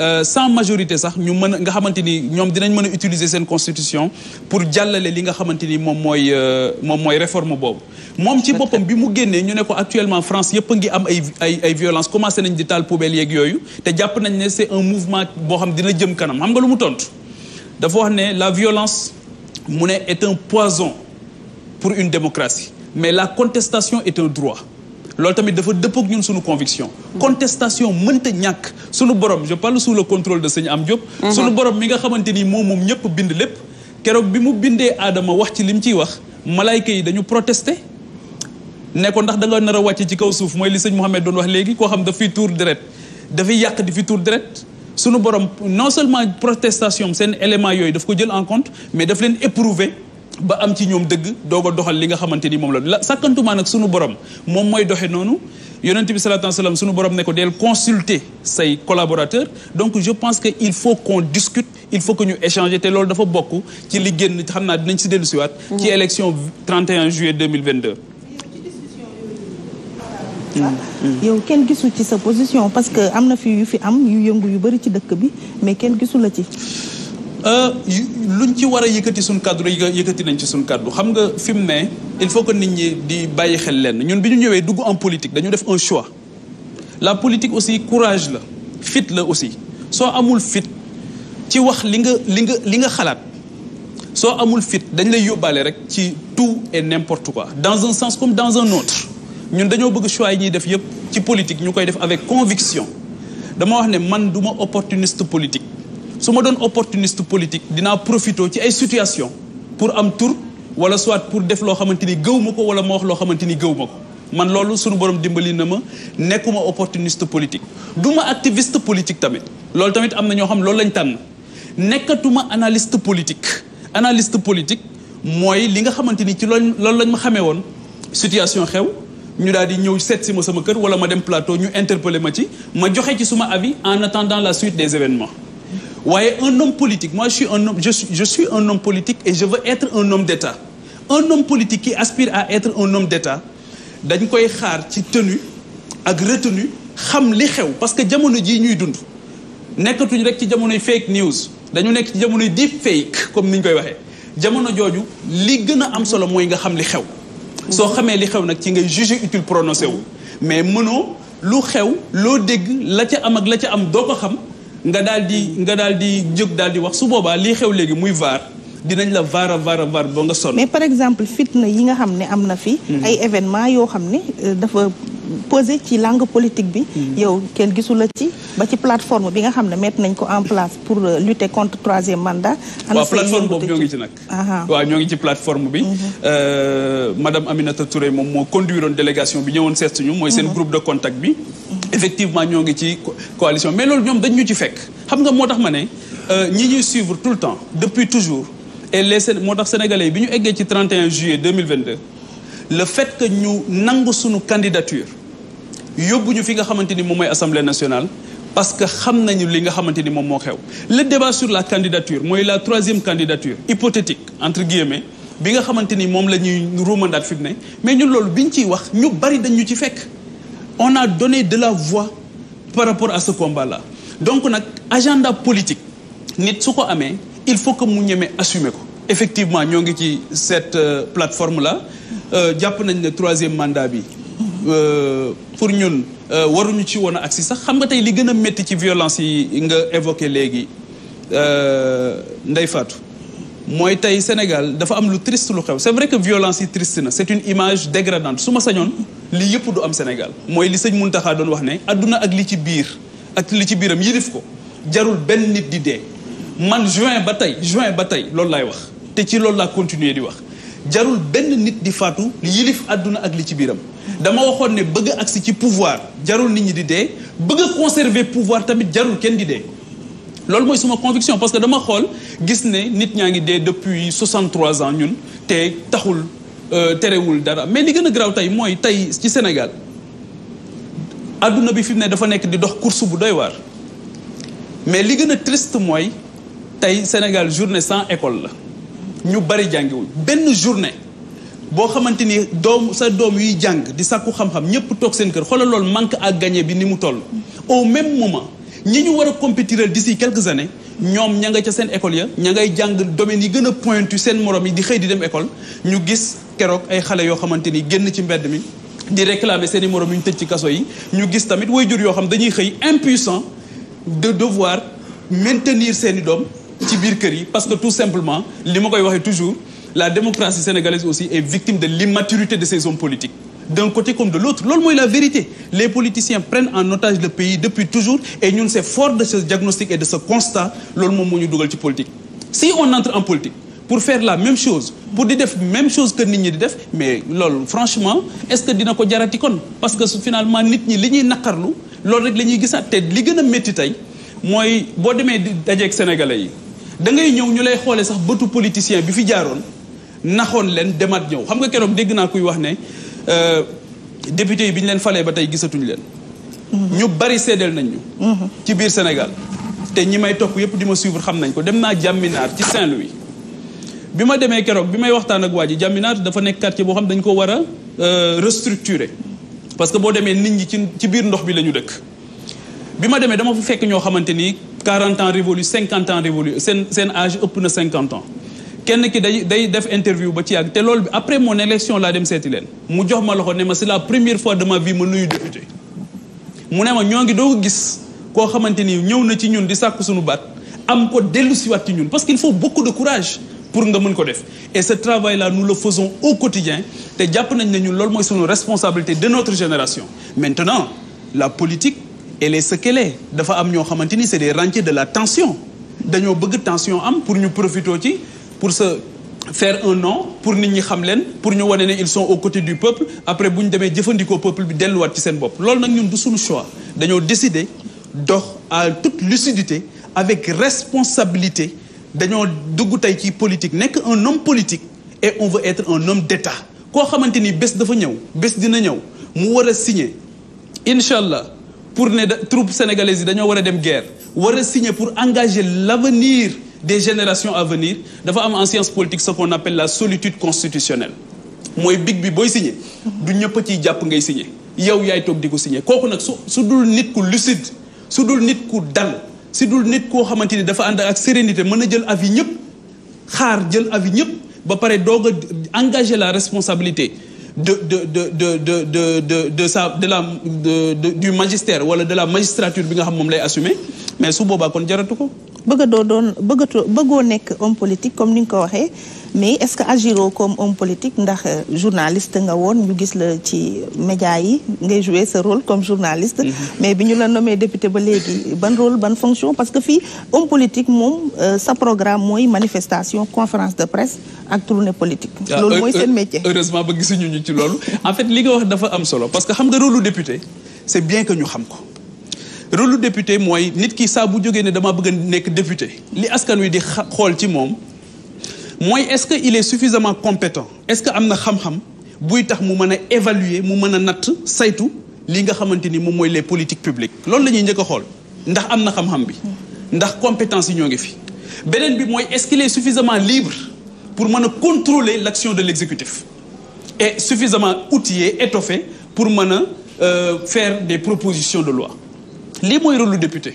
Euh, sans majorité sax ñu mën nga xamante ni dinañ mëna utiliser sen constitution pour jallalé li nga xamanteni mom moy mom moy euh, réforme bobu mom ci bopam bi mu génnee ñu ne ko actuellement France yépp ngi am ay ay ay violence commencé nañ di tal poubelle yeeg yoyu té japp nañ né c'est un mouvement bo xam dina jëm kanam xam nga lu mu tontu dafa wax né la violence mu né est un poison pour une démocratie mais la contestation est un droit lol tamit dafa dëppook ñun suñu conviction contestation mënta ñak suñu borom je parle sous le contrôle de seigne am Diop mhm. suñu borom mi nga xamanteni mom mom moom bind lepp kérok bi mu bindee adama wax ci lim ci wax malaika yi dañu protester ne ko ndax da nga nar a ci kaw suuf moy li seigne mohammed doon wax léegi ko xam da fi tour tuur da fi yak di fi tour deret suñu borom non seulement protestation seen élément yoy daf ko jël en compte mais daf leen éprouver ba am ci ñoom dëgg doog a doxal li nga xamante ni moom la la sàkkantumaa nag sunu borom moom mooy doxe noonu yonent bi salaatu salaam sunu borom ne ko del consulter say collaborateur donc je pense que il faut qu'on discute il faut que ñu échanger te loolu dafa bokk ci li génn xam naa dinañ si dellu siwaat ci mhm. élection 31 juillet 2022 yow kenn gisul ci sa position parce que am na fi yu fi am yu yëngu yu bëri ci dëkk bi mais kenn gisu la ci euh, luñ ci war a yëkkati suñ kaddu yëkkati nañ ci suñ kaddu xam nga fi mu ne il faut que nit ñi di bàyyi xel lenn ñun bi ñu ñëwee dugg en politique dañu def un choix la politique aussi courage la fit la aussi soo amul fit ci wax li nga li nga li nga xalaat soo amul fit dañ lay yóbbaale rek ci tout et n'importe quoi dans un sens comme dans un autre ñun dañoo bëgg choix yi ñuy def yépp ci politique ñu koy def avec conviction dama wax ne man du ma opportuniste politique su ma doon opportuniste politique dinaa profité ci ay situation pour am tur wala soit pour def loo xamante ni gëw ma ko wala ma wax loo xamante ni gëw ma ko man loolu suñu borom dimbali na ma nekkuma opportuniste politique duma activiste politique tamit loolu tamit am na ñoo xam loolu lañ tànn nekkatuma analyste politique analyste politique mooy li nga xamante ni ci loolu loolu lañ ma xamee woon situation xew ñu daal di ñëw seet si ma sama kër wala ma dem ñu interpeller ma ci ma joxe ci suma avis en attendant la suite des événements voyez, un homme politique, moi je suis un homme, je suis, je suis un homme politique et je veux être un homme d'État. Un homme politique qui aspire à être un homme d'État, dañ koy xaar ci tenu, ak retenue xam li xew parce que jamono jii ñuy dund nekkatuñ rek ci jamonoy fake news dañu nekk ci jamonoy deep fake comme niñ koy waxee jamono jooju li gën a am solo mooy nga xam li xew. soo xamee li xew nag ci ngay jugé utile prononcé wu mais mënoo lu xew loo dégg la ca am ak la ca am doo ko xam nga daldi nga daldi jog daldi wax su boba li xew léegi muy var dinañ la vaara vaara vaar bo nga son mais par exemple fitna yi nga xamné amna fi. Hmm. ay événements yo xamné euh, dafa poser ci langue politique bi. Hmm. yow kenn gisu la ci ba ci plateforme bi nga xamné met nañ ko en place pour euh, lutter contre troisième mandat. waaw plateforme boobu ñoo ci nak wa ñoo ci plateforme bi. Hmm. euh madame Aminata Touré mom mo conduire une délégation bi ñëwoon seet ñu. mooy seen groupe de contact bi effectivement ñoo ngi ci coalition mais loolu ñoom dañ ñu ci fekk xam nga moo tax euh, ñi ñuy suivre tout le temps depuis toujours et les moo tax sénégalais bi ñu eggee ci 31 juillet 2022 le fait que ñu nangu suñu candidature yóbbu ñu fi nga xamante ni moom mooy assemblée nationale parce que xam nañu li nga xamante ni moom moo xew le débat sur la candidature mooy la troisième candidature hypothétique entre guillemets bi nga xamante ni moom la ñuy ruumandaat fi ne mais ñun loolu biñ ñu ciy wax ñu bari dañ ñu ci fekk on a donné de la voix par rapport à ce combat-là donc on un agenda politique il faut que nous assumions. effectivement nous cette euh, plateforme-là euh, nous avons troisième mandat euh, pour nous, ci a violence nous avons Sénégal c'est vrai que violence est triste c'est une image dégradante li yëpp du am Sénégal mooy li sëñ Muntaxa doon wax ne adduna ak li ci biir ak li ci biiram yilif ko jarul benn nit di dee man juin ba tey juin ba tey loolu laay wax te ci loolu laa continuer di wax jarul benn nit di faatu li yilif adduna ak li ci biiram dama waxoon ne bëgg agsi ci pouvoir jarul nit ñi di dee bëgg conserver pouvoir tamit jarul kenn di dee loolu mooy suma conviction parce que dama xool gis ne nit ñaa ngi dee depuis 63 ans ñun te taxul Euh, terewul dara mais li gën a garaaw tey mooy tey ci Sénégal àdduna bi fi mu ne dafa nekk di dox course bu doy waar mais li gën a triste mooy tey Sénégal journée sans école la ñu bari jàngiwuñ benn journée boo xamante ni doom sa doom yuy jàng di sàkku xam-xam ñëpp toog seen kër xoolal lool manque à gañe bi ni mu toll au même moment ñi ñu war a compétir d'ici quelque années ñoom ña nga ca seen école ya ña ngay jàng domaines yi gën a pointu seen morom yi di xëy di dem école ñu gis kérok ay xalé yo xamanteni ni génn ci mbedd mi di réclamer seen i morom ñu tëj ci kasso yi ñu gis tamit waajur yo xam dañuy xey impuissant de devoir maintenir seen dom ci biir kër yi parce que tout simplement li ma koy waxe toujours la démocratie sénégalaise aussi est victime de l'immaturité de ses hommes politiques d'un côté comme de l'autre loolu est la vérité les politiciens prennent en otage le pays depuis toujours et ñun c'est forts de ce diagnostic et de ce constat loolu moom moo ñu ci politique si on entre en politique pour faire la même chose pour di def même chose que nit ñi di def mais loolu franchement est-ce que dina ko jarati kon parce que finalement nit ñi li ñuy naqarlu lool rek la ñuy gisaat te li gën a métti tey mooy boo demee di dajeeg sénégalais yi da ngay ñëw ñu lay xoolee sax bëtu politicien bi fi jaaroon naxoon leen demaat ñëw xam nga keroog dégg naa kuy wax ne euh, député yi bi ñu leen falee ba tey gisatuñu leen. Mm-hmm. ñu bari seedeel nañ mm-hmm. ci biir Sénégal te ñi may tok yëpp di ma suivre xam nañ ko dem naa jàmminaar ci Saint-Louis. bima ma demee keroog bi may waxtaan ak waa ji Jaminaat dafa nekk quartier boo xam dañ ko war a euh, restructurer parce que boo demee nit ñi ci ci biir ndox bi la ñu dëkk. bi ma demee dama fa fekk ñoo xamante ni 40 ans révolu 50 ans révolu seen seen âge ëpp na 50 ans kenn ki day day def interview ba ci yàgg te loolu bi après mon élection laa dem seeti leen mu jox ma loxo ne ma c'est la première fois de ma vie ma nuyu député mu ne ma ñoo ngi doo ko gis koo xamante ni ñëw na ci ñun di sàkk suñu baat am ko dellusiwaat ci ñun parce qu'il faut beaucoup de courage pour nga mën ko def et ce travail là nous le faisons au quotidien té japp nañ responsabilité de notre génération maintenant la politique elle est ce qu'elle est dafa am ño c'est des rentiers de la tension dañoo bëgg tension pour ñu profiter, pour se faire un nom pour nit ñi xam pour ñu wone né ils sont aux côtés du peuple après bu démé jëfëndiko le peuple bi delluwaat ci sen bop lool ñun du choix dañoo décider dox à toute lucidité avec responsabilité dañoo dugg tey ci politique nekk un homme politique et on veut être un homme d'État Quoi, xamante ni bés dafa ñëw bés dina ñëw mu war a signer Inshallah, pour ne troupes sénégalaises yi on a dem guerre war a signer pour engager l'avenir des générations à venir dafa am en science politique ce qu'on appelle la solitude constitutionnelle Moi, big bi boy signer du ñëpp ciy jàpp ngay signer yow yaay été obligé de signer Quoi qu'on ait, su nit ku lucide su nit ku dal si dul nit ko xamanteni dafa ànd ak sérénité mëna jël avis ñëpp xaar jël avis ñëpp ba paré doga engager la responsabilité de de de de de de de de sa de la du magistère wala de la magistrature bi nga xam mom lay assumer mais su boobaa kon jaratu ko bëgg doo doon un nekk homme politique comme ni nga ko mais est-ce que agiroo comme homme politique ndax euh, journaliste nga woon ñu gis la ci média yi ngay jouer rôle comme journaliste. Mhm. mais bi ñu la nommé député ba léegi ban rôle ban fonction parce que fii homme politique moom euh, sa programme mooy manifestation conférence de presse ak tournée politique. Ah, loolu mooy seen métier. heureusement ba gisuñu ñu ci loolu. en fait li nga wax dafa am solo parce que xam nga rôle député c'est bien que ñu xam ko rôle député moy nit ki sa bu jogé né dama bëgg a nekk député li askan wi di xol ci mom moy est-ce que il est suffisamment compétent est-ce que amna na xam-xam buy tax mu mëna évaluer mu mëna nat saytu li nga xamanteni mom moy les politiques publiques loolu la ñuy njëkk a ndax amna xam-xam bi ndax compétence ñoo fi benen bi moy est-ce qu'il est suffisamment libre pour mëna contrôler l'action de l'exécutif et suffisamment outillé étoffé pour mëna euh, faire des propositions de loi lii mooy rôle lu député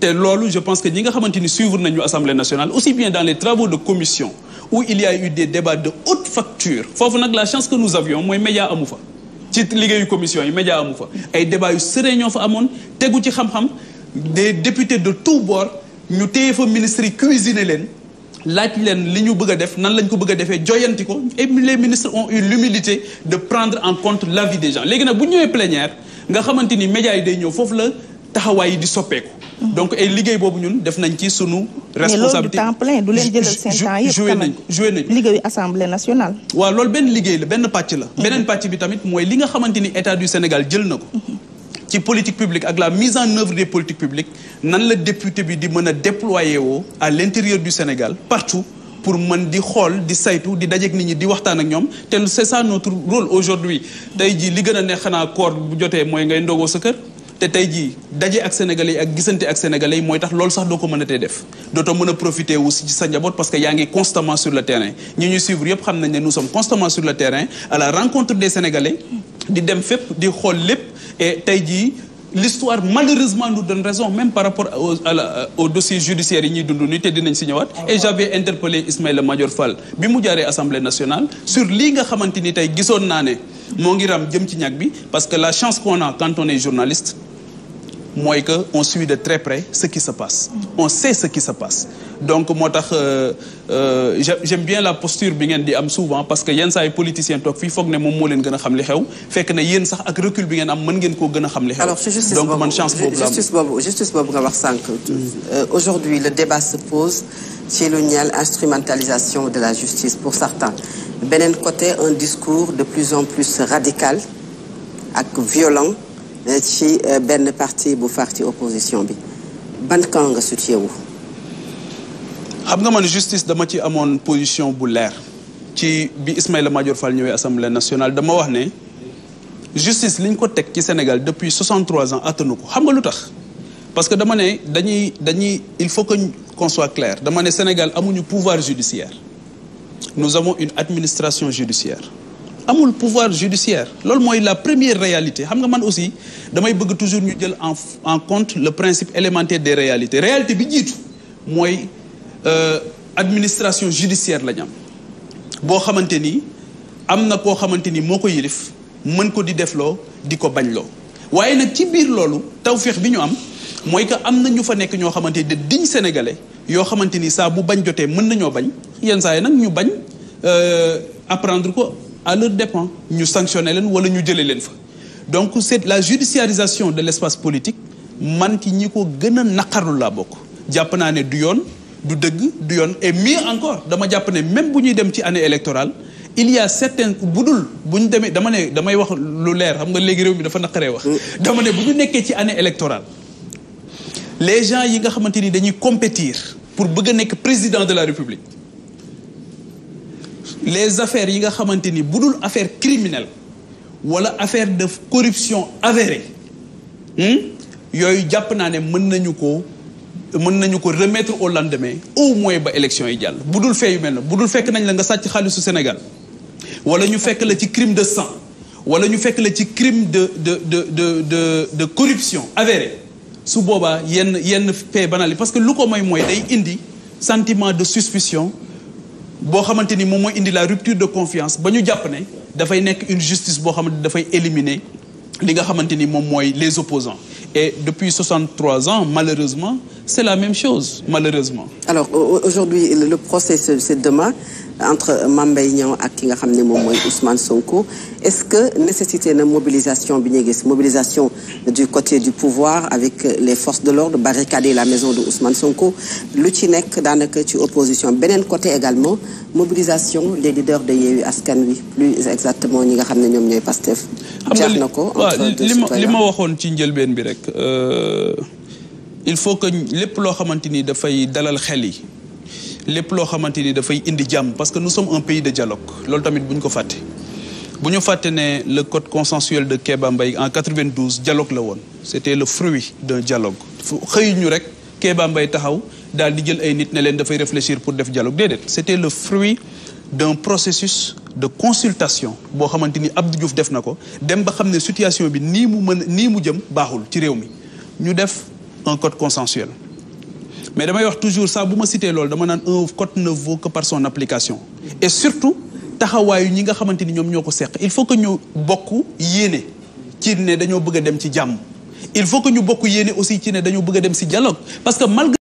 te loolu je pense que ñi nga xamante suivre nañu assemblée nationale aussi bien dans les travaux de commission où il y a eu des débats de haute facture foofu nag la chance que nous avions mooy média amu fa ci liggéeyu commission yi média amu fa ay débats yu serein ñoo fa amoon tegu ci xam-xam des députés de tous bords ñu téye fa ministres yi cuisiner leen laaj leen li ñu bëgg def nan lañ ko bëgg a joyanti ko et les ministres ont eu l'humilité de prendre en compte l'avis des gens léegi nag bu ñëwee plénière nga xamante ni média yi day ñëw foofu la taxaway di soppeku donc ay liguey bobu ñun def nañ ci sunu. responsabilité mais du temps plein du leen jëlal seen temps yëpp. nañ nañ assemblée nationale. wa loolu ben liguey la ben patch la. Mm-hmm. benen patch bi tamit moy li nga xamanteni état du Sénégal jël nako mm-hmm. ci politique publique ak la mise en œuvre des politiques publiques nan la député bi di mëna déployer wo à l'intérieur du Sénégal partout. pour man di xol di saytu di dajeek nit ñi di waxtaan ak ñom te c'est ça notre rôle aujourd'hui tey ji li gën a neex xanaa koor bu jotee mooy ngay ndogo sa kër té Taïdi, jii daje ak sénégalais ak et ak sénégalais moy tax loolu sax doko mëna té de def doto mëna profiter wu ci sa parce que est constamment sur le terrain ñi ñu suivre nous sommes constamment sur le terrain à la rencontre des sénégalais di dem fep di et Taïdi, l'histoire malheureusement nous donne raison même par rapport au euh, dossier judiciaire yi de et j'avais interpellé Ismaël Major Fall bi assemblée nationale sur lii nga xamante ni tey gisoon parce que la chance qu'on a quand on est journaliste moi que on suit de très près ce qui se passe on sait ce qui se passe donc moi, euh, euh j'aime bien la posture bi ngeen di am souvent parce que yenn saa politicien toog fii foog ne moom moo a xam li xew fekk ne yéen sax ak recul bi ngeen am mën ngeen ko gëna xam li xew donc man chance justice bobu justice bobu nga wax sànq euh, aujourd'hui le débat se pose ci lu instrumentalisation de la justice pour certains Benin côté un discours de plus en plus radical ak violent euh, ci ben parti bu far ci opposition bi ban camp nga situé wu. xam nga man justice dama ci amone position bu leer ci bi Ismaïla Madior Fall ñëwé assemblée nationale dama wax né justice liñ ko teg ci Sénégal depuis 63 ans attanu ko xam nga lutax parce que dama né dañuy dañuy il faut que qu'on soit clair dama né Sénégal amuñu pouvoir judiciaire nous avons une administration judiciaire amul pouvoir judiciaire C'est la première réalité xam aussi toujours en compte le principe élémentaire des réalités réalité bi moi euh, administration judiciaire la on a amna xamante ni mon yirif, koo di am que amna fa nous de sénégalais Yo avons sa bu bañ euh, apprendre quoi à leur dépens ñu sanctionner leen wala ñu jëlee leen fa donc c'est la judiciarisation de l'espace politique man ci ñi ko gën la naqarlu laa bokk du yoon du dëgg du et mieux encore dama jàpp ne même bu d'un dem ci année électorale il y a certains boudoul, dul bu ñu dans dama ne damay wax lu leer xam nga léegi réew mi dafa naqaree wax dama ne bu ci année électorale les gens yi nga xamante dañuy compétir pour bëgg président de la République les affaires yi nga xamante ni affaire criminelle wala affaire de corruption avérée hmm jàpp japp ne mën nañu ko mën nañu ko remettre au lendemain au moins ba élection yi jall budul dul fee yu mel na fekk nañ la nga sàcc xaalisu Sénégal wala ñu fekk la ci crime de sang wala ñu fekk la ci crime de de de de de de corruption avérée su boba yenn yenn paix banal parce que lu ko mooy day indi sentiment de suspicion si on a une la rupture de confiance Si on a une justice qui a éliminer les opposants et depuis 63 ans malheureusement c'est la même chose malheureusement alors aujourd'hui le procès c'est demain entre Mambay Nyan, Niang ak Ousmane Sonko est-ce que nécessité de mobilisation mobilisation du côté du pouvoir avec les forces de l'ordre barricader la maison de Ousmane Sonko lu dans le côté opposition beneen côté également mobilisation des leaders de Yéhu Askanwi. plus exactement ñi nga xam pas Pastef il faut que les plots de ni dafay dalal choses les plots xamante ni dafay indi jàmm parce que nous sommes un pays de dialogue loolu tamit bu ñu ko Faté, ne le code consensuel de Kéba en 92 dialogue la won. c'était le fruit d'un dialogue xëy ñu rek Kéba Mbaye taxaw daal di jël ay nit ne leen réfléchir pour le dialogue Dedet. c'était le fruit d'un processus de consultation boo xamante Abdou Diouf def na ko dem ba situation bi ni mu ni nii mu jëm baaxul ci réew mi def un code consensuel mais damay wax toujours ça bu ma cité loolu dama naan un code ne vaut que par son application. et surtout taxaway ñi nga xamanteni ñom ñoko sék il faut que ñu bokku yéné ci ne dañu bëgg dem ci jamm il faut que ñu bokku yéné aussi ci ne dañu bëgg dem ci dialogue parce que malgré